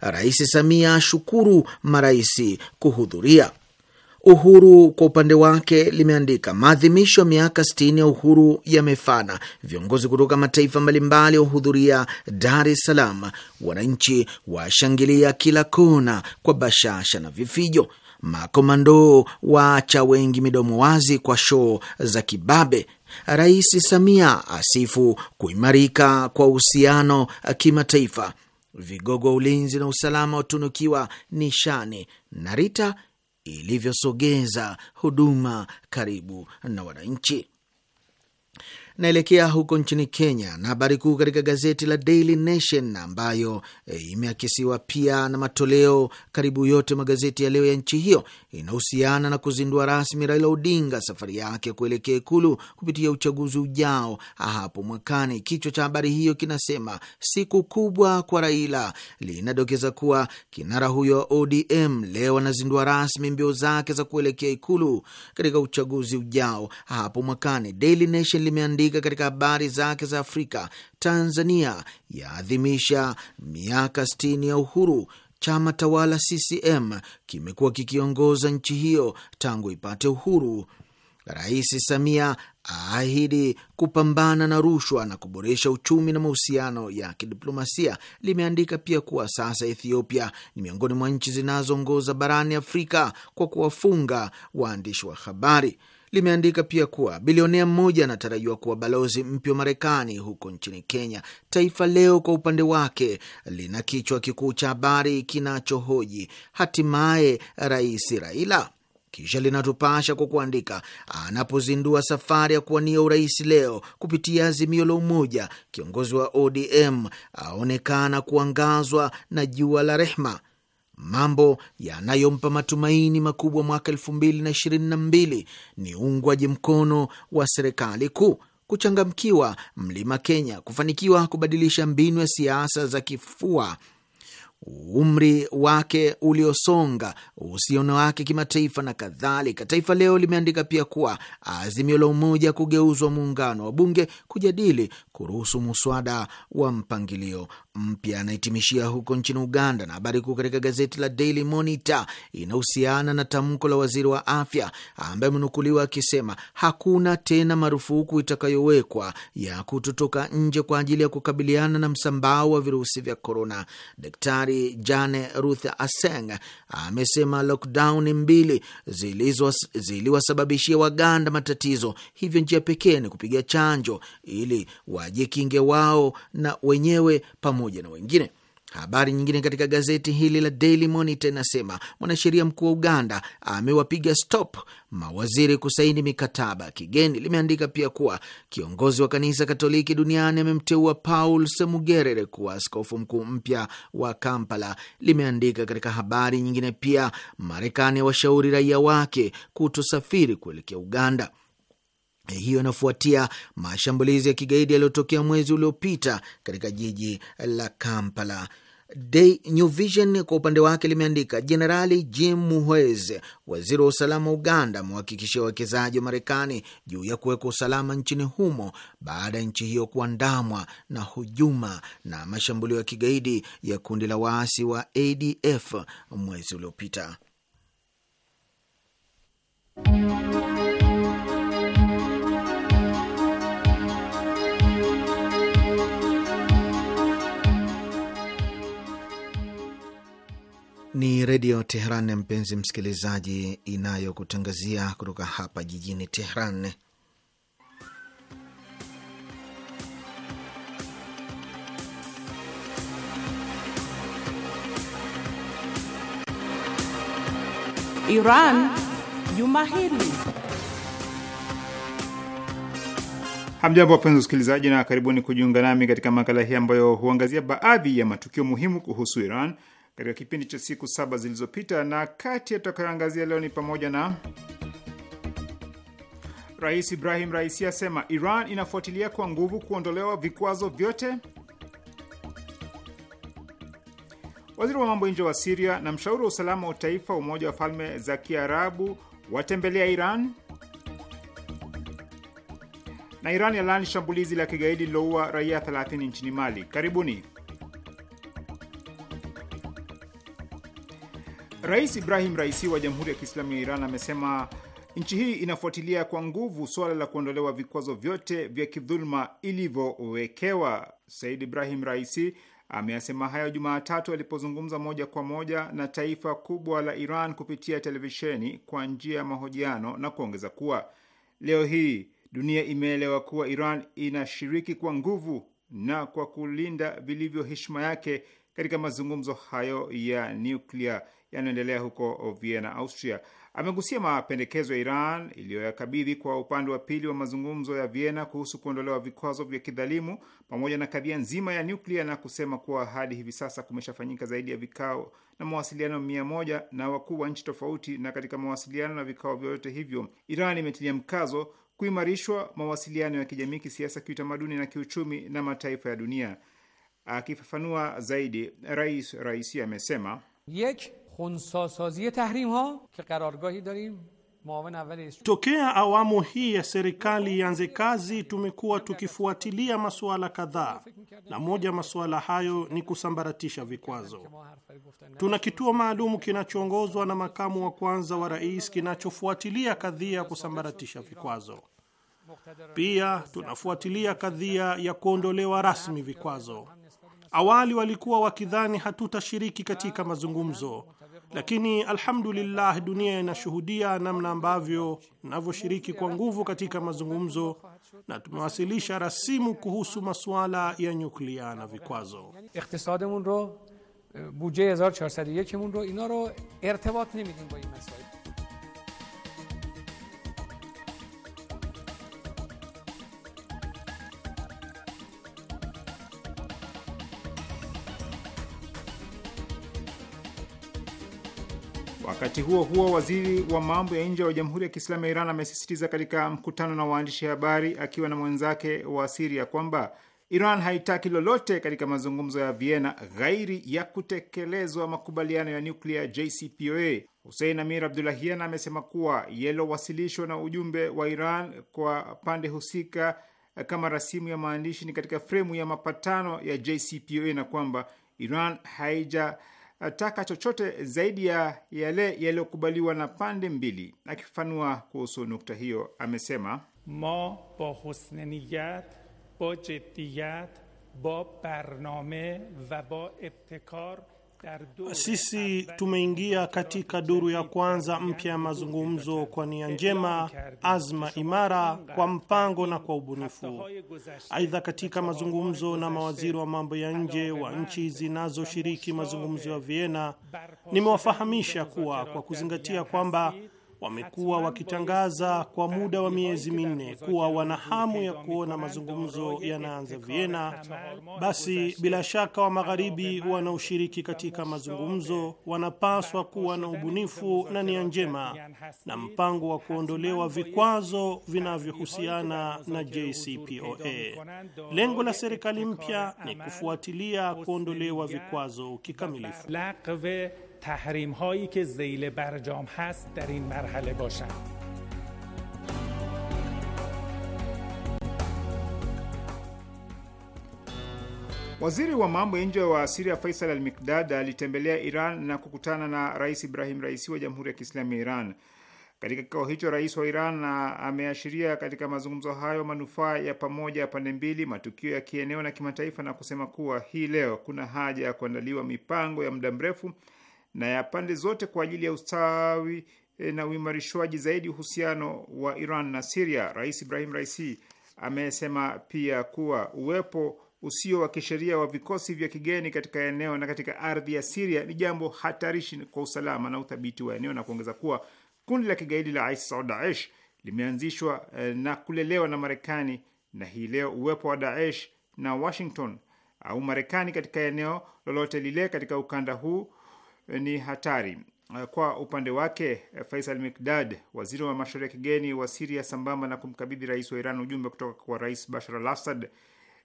Rais Samia ashukuru maraisi kuhudhuria Uhuru kwa upande wake limeandika maadhimisho ya miaka 60 ya uhuru yamefana, viongozi kutoka mataifa mbalimbali wahudhuria Dar es Salaam, wananchi washangilia kila kona kwa bashasha na vifijo, makomando waacha wengi midomo wazi kwa shoo za kibabe. Rais Samia asifu kuimarika kwa uhusiano kimataifa, vigogo wa ulinzi na usalama watunukiwa nishani na Rita ilivyosogeza huduma karibu na wananchi. Naelekea huko nchini Kenya na habari kuu katika gazeti la Daily Nation ambayo e, imeakisiwa pia na matoleo karibu yote magazeti ya leo ya nchi hiyo inahusiana na kuzindua rasmi Raila Odinga safari yake kuelekea Ikulu kupitia uchaguzi ujao hapo mwakani. Kichwa cha habari hiyo kinasema siku kubwa kwa Raila, linadokeza kuwa kinara huyo wa ODM leo anazindua rasmi mbio zake za kuelekea Ikulu katika uchaguzi ujao hapo mwakani. Daily Nation limeandika limeandika katika habari zake za Afrika, Tanzania yaadhimisha miaka 60 ya uhuru. Chama tawala CCM kimekuwa kikiongoza nchi hiyo tangu ipate uhuru. Rais Samia aahidi kupambana na rushwa na kuboresha uchumi na mahusiano ya kidiplomasia. Limeandika pia kuwa sasa Ethiopia ni miongoni mwa nchi zinazoongoza barani Afrika kwa kuwafunga waandishi wa habari limeandika pia kuwa bilionea mmoja anatarajiwa kuwa balozi mpya wa Marekani huko nchini Kenya. Taifa Leo kwa upande wake lina kichwa kikuu cha habari kinachohoji hatimaye Rais Raila kisha linatupasha kwa kuandika anapozindua safari ya kuwania urais leo kupitia Azimio la Umoja, kiongozi wa ODM aonekana kuangazwa na jua la rehma. Mambo yanayompa matumaini makubwa mwaka elfu mbili na ishirini na mbili ni uungwaji mkono wa serikali kuu, kuchangamkiwa mlima Kenya, kufanikiwa kubadilisha mbinu ya siasa za kifua umri wake uliosonga, uhusiano wake kimataifa na kadhalika. Taifa Leo limeandika pia kuwa azimio la umoja kugeuzwa muungano wa bunge kujadili kuruhusu muswada wa mpangilio mpya. Anahitimishia huko nchini Uganda, na habari kuu katika gazeti la Daily Monitor inahusiana na tamko la waziri wa afya ambaye amenukuliwa akisema hakuna tena marufuku itakayowekwa ya kutotoka nje kwa ajili ya kukabiliana na msambao wa virusi vya korona. Daktari habari Jane Ruth Aseng amesema lockdown mbili ziliwasababishia Waganda matatizo, hivyo njia pekee ni kupiga chanjo ili wajikinge wao na wenyewe pamoja na wengine. Habari nyingine katika gazeti hili la Daily Monitor inasema mwanasheria mkuu wa Uganda amewapiga stop mawaziri kusaini mikataba ya kigeni. Limeandika pia kuwa kiongozi wa kanisa Katoliki duniani amemteua Paul Semugerere kuwa askofu mkuu mpya wa Kampala. Limeandika katika habari nyingine pia, Marekani awashauri raia wake kutosafiri kuelekea Uganda. Hiyo inafuatia mashambulizi ya kigaidi yaliyotokea mwezi uliopita katika jiji la Kampala. Day New Vision kwa upande wake limeandika Jenerali Jim Muhwez, waziri wa usalama wa Uganda, amewahakikishia wawekezaji wa Marekani juu ya kuweka usalama nchini humo baada ya nchi hiyo kuandamwa na hujuma na mashambulio ya kigaidi ya kundi la waasi wa ADF mwezi uliopita. Ni Redio Teheran, mpenzi msikilizaji, inayokutangazia kutoka hapa jijini Teheran. Iran Juma Hili. Hamjambo, wapenzi usikilizaji na karibuni kujiunga nami katika makala hii ambayo huangazia baadhi ya matukio muhimu kuhusu Iran katika kipindi cha siku saba zilizopita, na kati ya tutakayoangazia leo ni pamoja na Rais Ibrahim Raisi asema Iran inafuatilia kwa nguvu kuondolewa vikwazo vyote. Waziri wa mambo nje wa Siria na mshauri wa usalama wa taifa wa Umoja wa Falme za Kiarabu watembelea Iran, na Iran yalaani shambulizi la kigaidi liloua raia 30 nchini Mali. Karibuni. Rais Ibrahim Raisi wa Jamhuri ya Kiislamu ya Iran amesema nchi hii inafuatilia kwa nguvu suala la kuondolewa vikwazo vyote vya kidhuluma ilivyowekewa. Said Ibrahim Raisi ameyasema hayo Jumatatu alipozungumza moja kwa moja na taifa kubwa la Iran kupitia televisheni kwa njia ya mahojiano na kuongeza kuwa leo hii dunia imeelewa kuwa Iran inashiriki kwa nguvu na kwa kulinda vilivyo heshima yake katika mazungumzo hayo ya nuklia yanayoendelea huko Vienna, Austria. Amegusia mapendekezo ya Iran iliyoyakabidhi kwa upande wa pili wa mazungumzo ya Vienna kuhusu kuondolewa vikwazo vya kidhalimu pamoja na kadhia nzima ya nyuklia, na kusema kuwa hadi hivi sasa kumeshafanyika zaidi ya vikao na mawasiliano mia moja na wakuu wa nchi tofauti, na katika mawasiliano na vikao vyote hivyo Iran imetilia mkazo kuimarishwa mawasiliano ya kijamii, kisiasa, kiutamaduni na kiuchumi na mataifa ya dunia. Akifafanua zaidi, Rais Raisi amesema Yek خونساسازی تحریم ها که قرارگاهی داریم Tokea awamu hii ya serikali ianze kazi, tumekuwa tukifuatilia masuala kadhaa, na moja masuala hayo ni kusambaratisha vikwazo. Tuna kituo maalumu kinachoongozwa na makamu wa kwanza wa rais kinachofuatilia kadhia ya kusambaratisha vikwazo. Pia tunafuatilia kadhia ya kuondolewa rasmi vikwazo. Awali walikuwa wakidhani hatutashiriki katika mazungumzo lakini alhamdulillah, dunia inashuhudia namna ambavyo navyoshiriki kwa nguvu katika mazungumzo na tumewasilisha rasimu kuhusu masuala ya nyuklia na vikwazo. 1401 ro eh, ba in masail Wakati huo huo, waziri wa mambo ya nje wa Jamhuri ya Kiislamu ya Iran amesisitiza katika mkutano na waandishi habari akiwa na mwenzake wa Siria kwamba Iran haitaki lolote katika mazungumzo ya Vienna ghairi ya kutekelezwa makubaliano ya nyuklia JCPOA. Husein Amir Abdulahian amesema kuwa yaliyowasilishwa na ujumbe wa Iran kwa pande husika kama rasimu ya maandishi ni katika fremu ya mapatano ya JCPOA na kwamba Iran haija taka chochote zaidi ya yale yaliyokubaliwa na pande mbili. Akifafanua kuhusu nukta hiyo, amesema ma ba husne niyat ba jiddiyat ba barname va ba ibtikar sisi tumeingia katika duru ya kwanza mpya ya mazungumzo kwa nia njema, azma imara, kwa mpango na kwa ubunifu. Aidha, katika mazungumzo na mawaziri wa mambo ya nje wa nchi zinazoshiriki mazungumzo ya Vienna, nimewafahamisha kuwa kwa kuzingatia kwamba wamekuwa wakitangaza kwa muda wa miezi minne kuwa wana hamu ya kuona mazungumzo yanaanza Vienna, basi bila shaka wa magharibi wanaoshiriki katika mazungumzo wanapaswa kuwa na ubunifu na nia njema na mpango wa kuondolewa vikwazo vinavyohusiana na JCPOA. Lengo la serikali mpya ni kufuatilia kuondolewa vikwazo kikamilifu. تحریم هایی که زیل برجام هست در این مرحله باشند Waziri wa mambo ya nje wa Siria Faisal Al Mikdad alitembelea Iran na kukutana na Rais Ibrahim Raisi wa Jamhuri ya Kiislamu ya Iran. Katika kikao hicho, rais wa Iran ameashiria katika mazungumzo hayo manufaa ya pamoja ya pande mbili, matukio ya kieneo na kimataifa, na kusema kuwa hii leo kuna haja ya kuandaliwa mipango ya muda mrefu na ya pande zote kwa ajili ya ustawi eh, na uimarishwaji zaidi uhusiano wa Iran na Siria. Rais Ibrahim Raisi amesema pia kuwa uwepo usio wa kisheria wa vikosi vya kigeni katika eneo na katika ardhi ya Siria ni jambo hatarishi kwa usalama na uthabiti wa eneo, na kuongeza kuwa kundi la kigaidi la ISIS au Daesh limeanzishwa eh, na kulelewa na Marekani na hii leo uwepo wa Daesh na Washington au Marekani katika eneo lolote lile katika ukanda huu ni hatari. Kwa upande wake, Faisal Mikdad, waziri wa mashauri ya kigeni wa Siria, sambamba na kumkabidhi rais wa Iran ujumbe kutoka kwa rais Bashar al Assad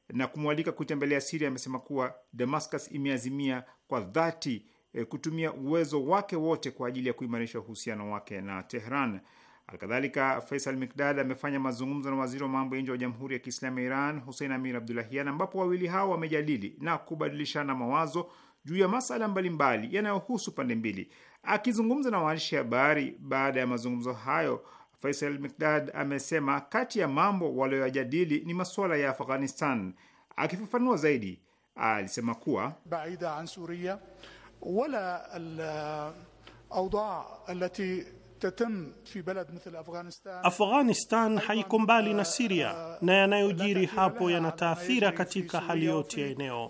na kumwalika kuitembelea Siria, amesema kuwa Damascus imeazimia kwa dhati eh, kutumia uwezo wake wote kwa ajili ya kuimarisha uhusiano wake na Tehran. Alkadhalika, Faisal Mikdad amefanya mazungumzo na waziri wa mambo ya nje wa Jamhuri ya Kiislamu ya Iran Hussein Amir Abdulahian, ambapo wawili hao wamejadili na kubadilishana mawazo juu ya masala mbalimbali yanayohusu pande mbili. Akizungumza na waandishi habari baada ya mazungumzo hayo, Faisal Mikdad amesema kati ya mambo walioyajadili ni masuala ya Afghanistan. Akifafanua zaidi, alisema kuwa baida an suria wala al awda allati Afghanistan haiko mbali na Siria na yanayojiri hapo yanataathira katika hali yote ya eneo.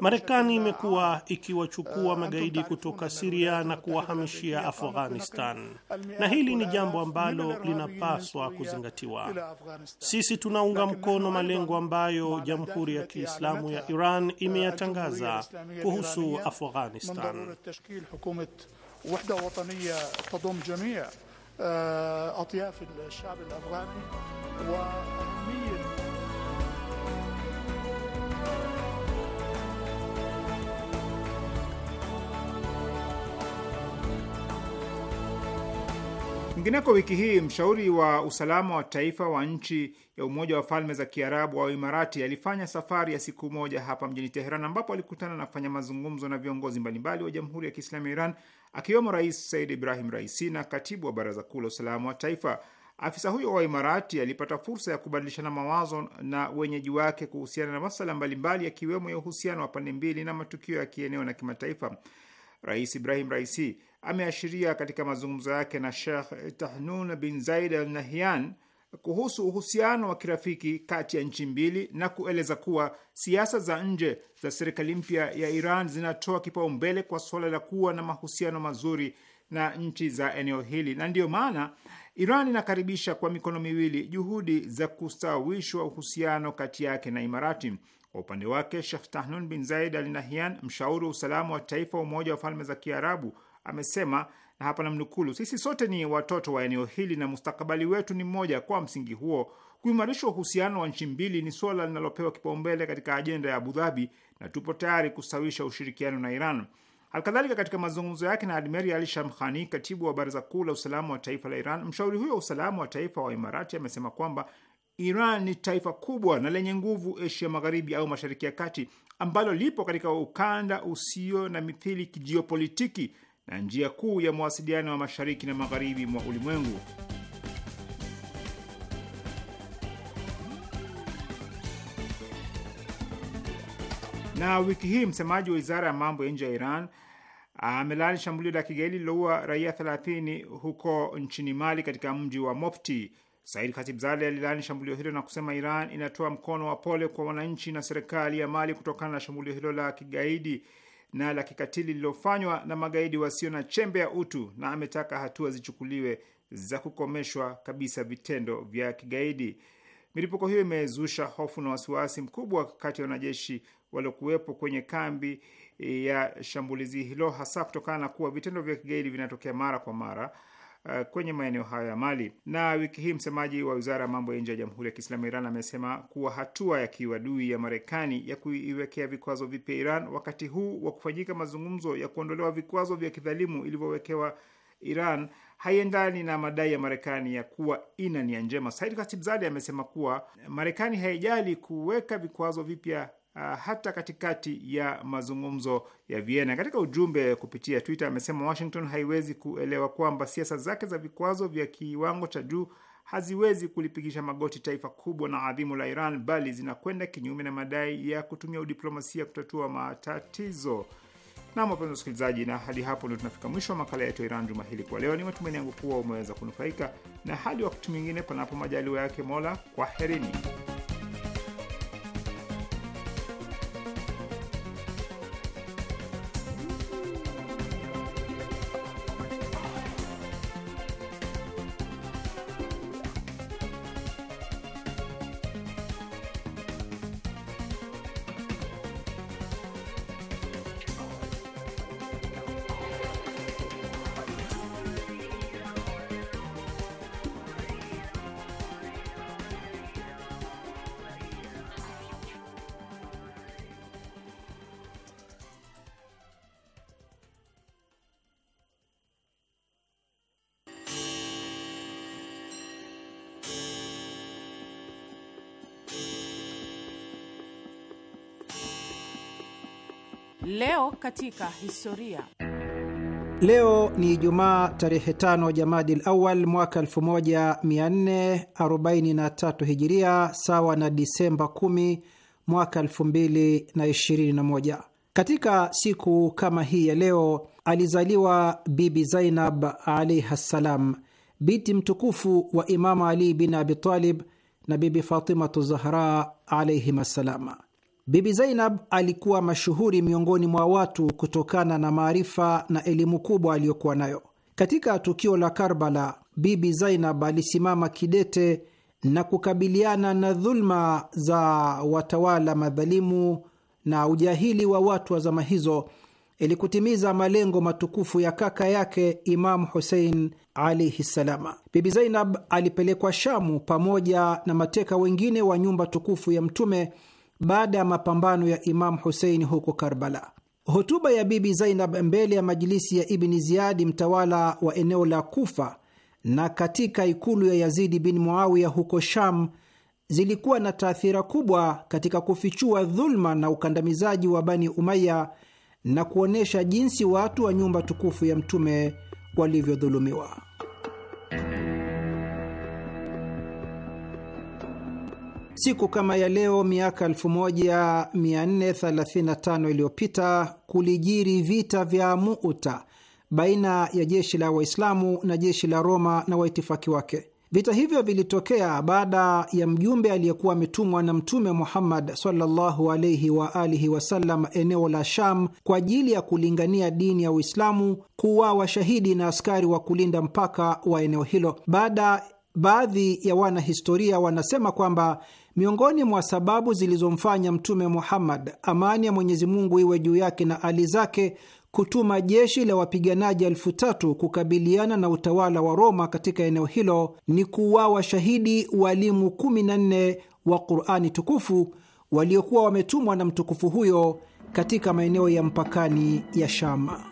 Marekani imekuwa ikiwachukua magaidi kutoka Siria na kuwahamishia Afghanistan, na hili ni jambo ambalo linapaswa kuzingatiwa. Sisi tunaunga mkono malengo ambayo Jamhuri ya Kiislamu ya Iran imeyatangaza kuhusu Afghanistan. وحدة وطنية تضم جميع أطياف الشعب الأفغاني وأهمية Kwingineko, wiki hii mshauri wa usalama wa taifa wa nchi ya Umoja wa Falme za Kiarabu au Imarati alifanya safari ya siku moja hapa mjini Teheran, ambapo alikutana na kufanya mazungumzo na viongozi mbalimbali wa Jamhuri ya Kiislamu ya Iran akiwemo Rais Said Ibrahim Raisi na katibu wa Baraza Kuu la Usalama wa Taifa. Afisa huyo wa Imarati alipata fursa ya kubadilishana mawazo na wenyeji wake kuhusiana na masala mbalimbali yakiwemo ya uhusiano wa pande mbili na matukio ya kieneo na kimataifa. Rais Ibrahim Raisi ameashiria katika mazungumzo yake na Shekh Tahnun bin Zaid Al Nahyan kuhusu uhusiano wa kirafiki kati ya nchi mbili na kueleza kuwa siasa za nje za serikali mpya ya Iran zinatoa kipaumbele kwa suala la kuwa na mahusiano mazuri na nchi za eneo hili, na ndiyo maana Iran inakaribisha kwa mikono miwili juhudi za kustawishwa uhusiano kati yake na Imarati. Kwa upande wake, Shekh Tahnun bin Zaid Al Nahyan, mshauri wa usalama wa taifa wa Umoja wa Falme za Kiarabu, amesema na hapa namnukulu, sisi sote ni watoto wa eneo hili na mustakabali wetu ni mmoja. Kwa msingi huo, kuimarisha uhusiano wa nchi mbili ni suala linalopewa kipaumbele katika ajenda ya Abu Dhabi na tupo tayari kustawisha ushirikiano na Iran. Alkadhalika, katika mazungumzo yake na Admeri Ali Shamkhani, katibu wa baraza kuu la usalama wa taifa la Iran, mshauri huyo wa usalama wa taifa wa Imarati amesema kwamba Iran ni taifa kubwa na lenye nguvu Asia Magharibi au Mashariki ya Kati ambalo lipo katika ukanda usio na mithili kijiopolitiki na njia kuu ya mawasiliano ya mashariki na magharibi mwa ulimwengu. Na wiki hii msemaji wa wizara ya mambo ya nje ya Iran amelaani shambulio la kigaidi liloua raia 30 huko nchini Mali, katika mji wa Mopti. Said Khatibzadeh alilaani shambulio hilo na kusema Iran inatoa mkono wa pole kwa wananchi na serikali ya Mali kutokana na shambulio hilo la kigaidi na la kikatili lililofanywa na magaidi wasio na chembe ya utu, na ametaka hatua zichukuliwe za kukomeshwa kabisa vitendo vya kigaidi. Milipuko hiyo imezusha hofu na wasiwasi mkubwa kati ya wanajeshi waliokuwepo kwenye kambi eh, ya shambulizi hilo, hasa kutokana na kuwa vitendo vya kigaidi vinatokea mara kwa mara uh, kwenye maeneo hayo ya Mali. Na wiki hii msemaji wa wizara ya mambo ya nje ya Jamhuri ya Kiislamu ya Iran amesema kuwa hatua ya kiuadui ya Marekani ya kuiwekea vikwazo vipya Iran wakati huu wa kufanyika mazungumzo ya kuondolewa vikwazo vya kidhalimu ilivyowekewa Iran haiendani na madai ya Marekani ya kuwa ina nia njema. Said Khatibzadeh amesema kuwa Marekani haijali kuweka vikwazo vipya uh, hata katikati ya mazungumzo ya Vienna. Katika ujumbe kupitia Twitter amesema Washington haiwezi kuelewa kwamba siasa zake za vikwazo vya kiwango cha juu haziwezi kulipigisha magoti taifa kubwa na adhimu la Iran, bali zinakwenda kinyume na madai ya kutumia udiplomasia kutatua matatizo. Nam, wapenzi wasikilizaji, na hadi hapo ndio tunafika mwisho wa makala yetu ya Iran juma hili kwa leo. Ni matumaini yangu kuwa umeweza kunufaika, na hadi wakati mwingine, panapo majaliwa yake Mola, kwaherini. Leo katika historia. Leo ni Ijumaa tarehe tano Jamadil Awal mwaka 1443 Hijiria, sawa na Disemba 10 mwaka 2021. Katika siku kama hii ya leo alizaliwa Bibi Zainab alaihi ssalam, binti mtukufu wa Imamu Ali bin abitalib na Bibi Fatimatu Zahra alaihim assalama. Bibi Zainab alikuwa mashuhuri miongoni mwa watu kutokana na maarifa na elimu kubwa aliyokuwa nayo. Katika tukio la Karbala, Bibi Zainab alisimama kidete na kukabiliana na dhulma za watawala madhalimu na ujahili wa watu wa zama hizo ili kutimiza malengo matukufu ya kaka yake Imamu Husein alaihi ssalama. Bibi Zainab alipelekwa Shamu pamoja na mateka wengine wa nyumba tukufu ya Mtume baada ya mapambano ya Imamu Husein huko Karbala. Hotuba ya Bibi Zainab mbele ya majilisi ya Ibni Ziyadi, mtawala wa eneo la Kufa, na katika ikulu ya Yazidi bin Muawiya huko Sham zilikuwa na taathira kubwa katika kufichua dhuluma na ukandamizaji wa Bani Umaya na kuonyesha jinsi watu wa nyumba tukufu ya Mtume walivyodhulumiwa. Siku kama ya leo miaka 1435 iliyopita kulijiri vita vya Muuta baina ya jeshi la Waislamu na jeshi la Roma na waitifaki wake. Vita hivyo vilitokea baada ya mjumbe aliyekuwa ametumwa na Mtume Muhammad sallallahu alaihi wa alihi wasallam eneo la Sham kwa ajili ya kulingania dini ya Uislamu kuwa washahidi na askari wa kulinda mpaka wa eneo hilo. Baada baadhi ya wanahistoria wanasema kwamba Miongoni mwa sababu zilizomfanya Mtume Muhammad, amani ya Mwenyezi Mungu iwe juu yake na ali zake, kutuma jeshi la wapiganaji elfu tatu kukabiliana na utawala wa Roma katika eneo hilo ni kuuawa shahidi walimu 14 wa Qurani tukufu waliokuwa wametumwa na mtukufu huyo katika maeneo ya mpakani ya Shama.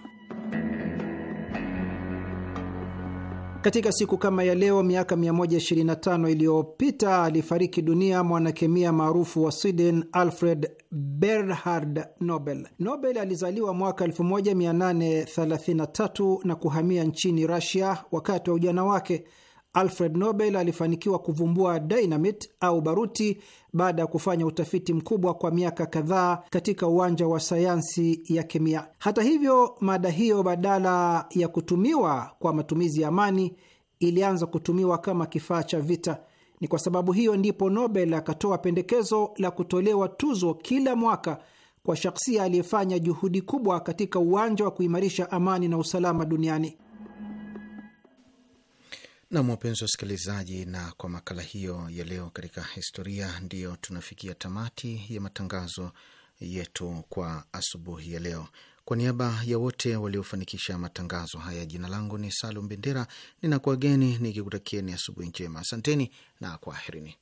Katika siku kama ya leo miaka 125 iliyopita alifariki dunia mwanakemia maarufu wa Sweden Alfred Bernhard Nobel. Nobel alizaliwa mwaka 1833 na kuhamia nchini Russia wakati wa ujana wake. Alfred Nobel alifanikiwa kuvumbua dynamite au baruti baada ya kufanya utafiti mkubwa kwa miaka kadhaa katika uwanja wa sayansi ya kemia. Hata hivyo, mada hiyo badala ya kutumiwa kwa matumizi ya amani ilianza kutumiwa kama kifaa cha vita. Ni kwa sababu hiyo ndipo Nobel akatoa pendekezo la kutolewa tuzo kila mwaka kwa shakhsia aliyefanya juhudi kubwa katika uwanja wa kuimarisha amani na usalama duniani. Nam, wapenzi wasikilizaji, na kwa makala hiyo ya leo katika historia, ndiyo tunafikia tamati ya matangazo yetu kwa asubuhi ya leo. Kwa niaba ya wote waliofanikisha matangazo haya, jina langu ni Salum Bendera, nikikutakia nikikutakieni asubuhi njema. Asanteni na kwaherini.